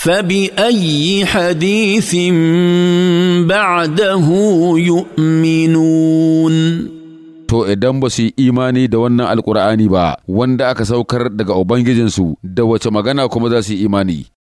فباي حديث بعده يؤمنون to idan ba su yi imani da wannan alkur'ani ba wanda aka saukar daga ubangijinsu da wace magana kuma za su yi imani